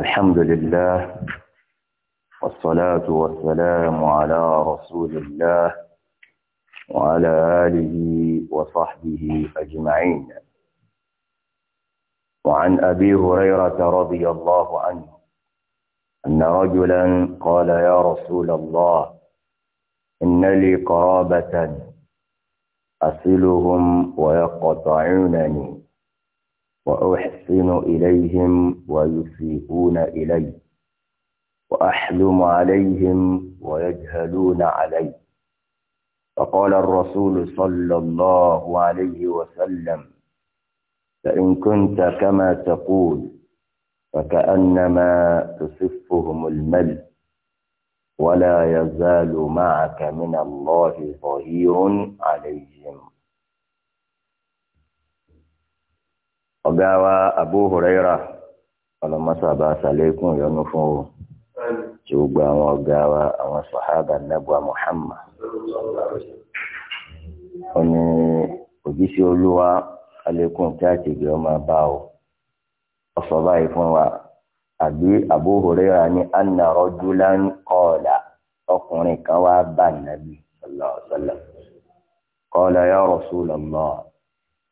الحمد لله والصلاة والسلام على رسول الله وعلى آله وصحبه أجمعين وعن أبي هريرة رضي الله عنه أن رجلا قال يا رسول الله إن لي قرابة أصلهم ويقطعونني وأحسن إليهم ويسيئون إلي وأحلم عليهم ويجهلون علي فقال الرسول صلى الله عليه وسلم فإن كنت كما تقول فكأنما تصفهم المل ولا يزال معك من الله ظهير عليهم ọ̀gá wa Abu Huraira ọlọ́mọ́sàbà sàlékún ìyọnu fún o tí ó gba àwọn ọ̀gá wa àwọn sàhábà nẹ́gbà Muhammad ó ní òjíṣẹ́ olúwa alẹ́kùn tí a ti gbé ọmọ bá o ó sọ báyìí fún wa àbí Abu ní anna rajulan qala ọkùnrin kan wá bá nàbí sallallahu alaihi wasallam qala ya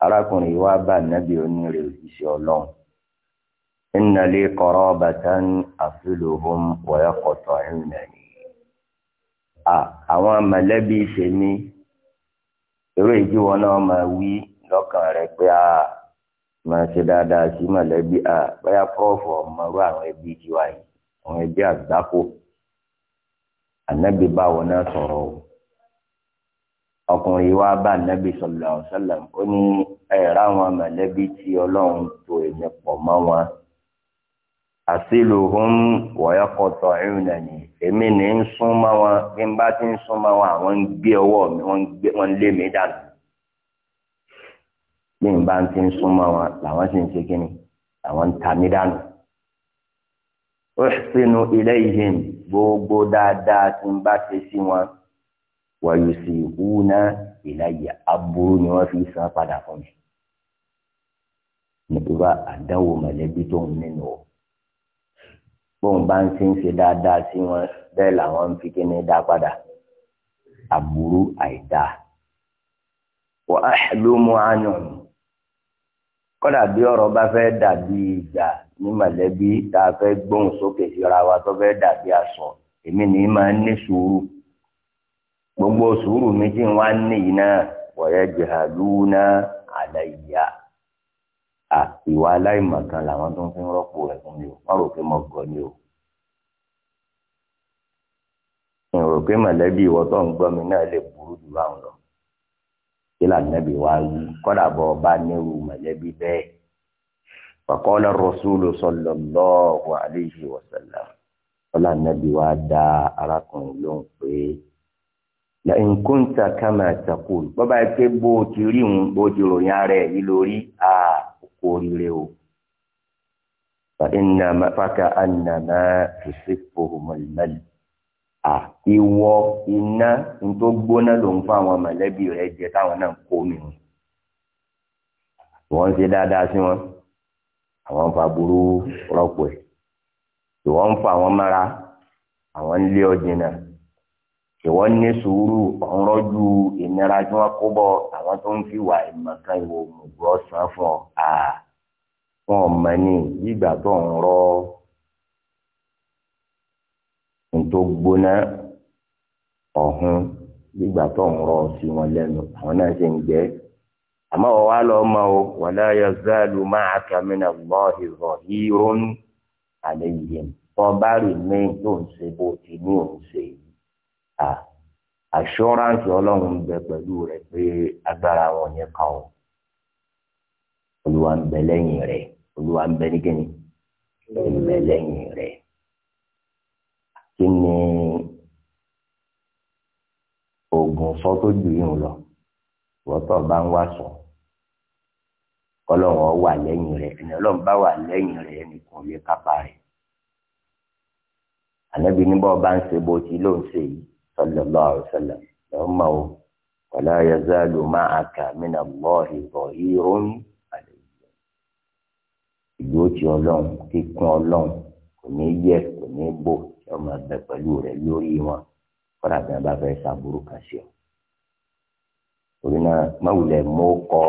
arákùnrin wa bá nàbí onírè òṣìṣẹ́ ọlọ́run inna li qarabatan afiluhum wa yaqta'unani. àwọn mọ̀lẹ́bí tèmi eré ìdí wọn náà máa wí lọ́kàn rẹ pé a máa ṣe dáadáa sí mọ̀lẹ́bí a bóyá pọ́ọ̀fù ọmọrú àwọn ẹbí tiwa yìí àwọn ẹbí àgbákò ànábì báwọn náà sọ̀rọ̀ o ọkùnrin wa bá nàbì sallallahu alaihi wasallam ó ní ẹ̀rá àwọn mọ̀lẹ́bí tí ọlọ́run tó èmi pọ̀ mọ́ wọn. asiluhum wa yaqta'unani èmi ní ń sún mọ́ wọn bí n bá ti ń sún mọ́ wọn àwọn ń gbé ọwọ́ mi wọ́n ń lé mi dànù. bí n bá ti ń sún mọ́ wọn làwọn sì ń ṣe kí ni làwọn ń ta mi dànù. uhsinu ilayhim gbogbo dáadáa tí n bá ṣe sí wọn wàyí sí ìhúná ìlàyé aburú ni wọ́n fi san padà fún mi. nígbà àdánwò mọ̀lẹ́bí tó ń nínú o bóun bá ń ṣe ń ṣe dáadáa sí wọn bẹ́ẹ̀ làwọn ń fi kíní dá padà aburú àìdá. wà á ló mú àánú kódà bí ọ̀rọ̀ bá fẹ́ dàbí ìjà ní mọ̀lẹ́bí tá a fẹ́ gbóhùn sókè síra wa tó fẹ́ dàbí asọ̀ èmi ni màá ní sùúrù gbogbo sùúrù mi tí wọ́n á ní yìí náà wọ̀rẹ́ jihaduna alayya ìwà aláìmọ̀kan làwọn tó ń fi rọ́pò rẹ̀ fún mi o wọ́n rò pé mo gọ̀ ni o. n rò pé mọ̀lẹ́bí ìwọ tó ń gbọ́ mi náà lè burú jù báwọn lọ. kí lànàbí wa wí kọ́dà bọ́ ọba nírú mọ̀lẹ́bí bẹ́ẹ̀. faqala rasulu sallallahu alayhi wa sallam. kọ́lá nàbí wa dá arákùnrin lóhùn pé lẹ́yìn kóńtà kàmá àtàkùn bọ́ba yìí pé bó o ti rí òun bó o ti ròyìn ara ẹ̀ yìí lórí a kò rire o. fàkà ànàmá ìsìnkú mọ̀lẹ́mẹ́lì. ìwọ iná tó gbóná ló ń fún àwọn mọ̀lẹ́bí rẹ̀ jẹ táwọn náà kó mi hàn. wọ́n ń ṣe dáadáa sí wọn àwọn ń fa burú rọ́pò ẹ̀. ìwọ́n ń fa àwọn mọ́ra àwọn ń lé ọ jìnnà ìwọ ní sùúrù ọ̀nrọ́jú ìnira tí wọ́n kó bọ̀ àwọn tó ń fi wà ìmọ̀kan ìwò òmùgọ̀ san fún ọ à wọn mọ̀ ní ìgbà tó ń rọ nítorí gbóná ọ̀hún ìgbà tó ń rọ sí wọn lẹ́nu àwọn náà ṣe ń jẹ́ àmọ́ wọ́n wá lọ mọ́ o wala yazalu ma'aka minallahi zahirun alayhim tó bá rí mi tó ń ṣe bó ti ní òun ṣe yìí assurance ọlọ́run ń bẹ pẹ̀lú rẹ̀ pé agbára wọn yẹn kàn ó olúwa ń bẹ lẹ́yìn rẹ̀ olúwa ń bẹ ní kíni ń bẹ lẹ́yìn rẹ̀ kí ni oògùn sọ tó jù yìí ń lọ wọ́tọ̀ bá ń wá sọ kọ́lọ́run wà lẹ́yìn rẹ̀ ẹni ọlọ́run bá wà lẹ́yìn rẹ̀ ẹnì kan lè kápá rẹ̀ ànábi ní bọ́ọ̀ bá ń ṣe bó ti ló ṣe yìí. صلى الله wasallam lọ́mọ o wàlá yazalu ma'aka min Allahi zahirun àlejò ìlú ti ọlọ́run kíkún ọlọ́run kò ní yẹ kò ní bò kí ọmọ ẹgbẹ pẹ̀lú rẹ lórí wọn kọ́ra bí wọn bá fẹ́ sàbúrú kà sí ọ. torí náà mọ̀wùlẹ̀ mú kọ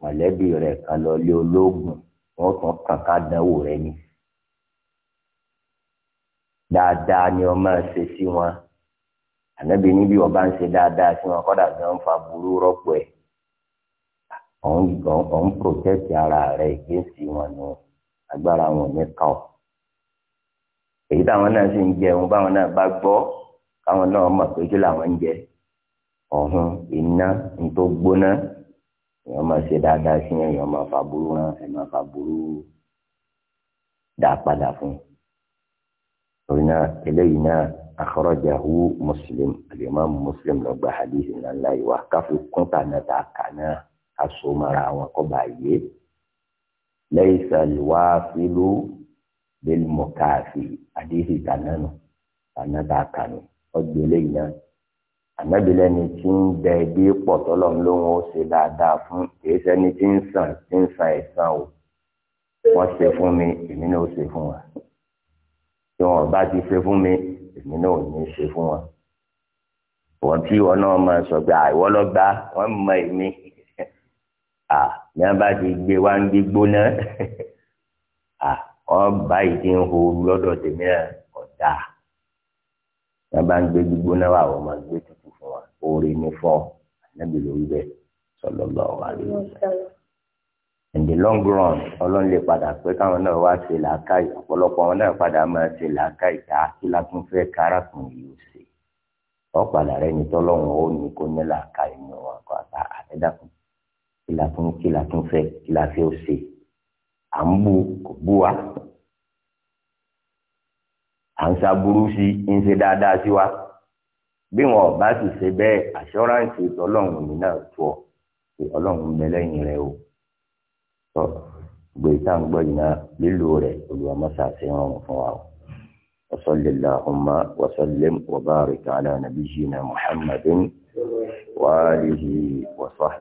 mọ̀lẹ́bí rẹ kan lọ lé ológun wọn tún kàn dánwò rẹ ni. dáadáa ni ọmọ ṣe sí wọn ànábì níbi ọba ń ṣe dáadáa sí wọn kọ́dà gan ń fa burú rọ́pò ẹ̀ ọ̀n protect ara rẹ̀ against wọn nù agbára wọn ní ká ọ. èyí táwọn náà sì ń jẹun báwọn náà bá gbọ́ káwọn náà mọ̀ pé kí làwọn ń jẹ ọ̀hún iná ń tó gbóná èèyàn máa ṣe dáadáa sí yẹn èèyàn máa fa burú rán ẹ máa fa burú dá padà fún un. torí náà eléyìí náà akhrajahu muslim alimami muslim ló gba hadithi ńláńlá yìí wá káfí kún kànáà tá a kà náà asomara àwọn kọba yìí laysa alwasilu bilmukafi hadithi kànáà kànáà tá a kà ní ọgbẹlẹ yìí náà ànábìlẹ ni tí ń bẹ bí pọtọlọ ńlọrọ ó ṣe dáadáa fún kìí ṣẹni tí ń sàn tí ń san ẹ̀san o wọn ṣe fún mi èmi náà ó ṣe fún wa tí wọn bá ti ṣe fún mi èmi náà ò ní í ṣe fún wọn wọn tí wọn náà máa sọ pé àìwọ lọ gbá wọn mọ èmi à ní wọn bá ti gbé wá ń gbígbóná à wọn bá ìdí ń ho lọ́dọ̀ tèmi náà ọdà ní wọn bá ń gbé gbígbóná wà wọn máa gbé tutù fún wa oore ní fún ọ ànábìlẹ orí bẹ́ẹ̀ sallallahu alaihi wasallam in the long run ọlọ́run lè padà pé káwọn náà wá ṣe làákàyè ọ̀pọ̀lọpọ̀ àwọn náà padà máa ṣe làákàyè tá a ah, kí látún fẹ́ kárakùn yìí ó ṣe ọ̀padà rẹ̀ ní tọ́lọ́run ó ní kó ní làákàyè ní wọn kọ́ àtà ah, àtẹ́dàkùn kí látún kí látún fẹ́ kí láfẹ́ ó ṣe à ń bu kò bú wa à ń ṣàbúrú sí ń ṣe dáadáa sí wa bí wọn bá sì ṣe bẹ́ẹ̀ assurance ìtọ́lọ́run ní náà tó ọ pé ọlọ́run bẹ lẹ́yìn rẹ o. tọ́ gbèsè àgbọ̀ iná lílo rẹ̀ olùwàmọ́sàsẹ́ rọrùn fún wa o wa اللهم ala nabiyina muhammadin wa alihi wa وصحبه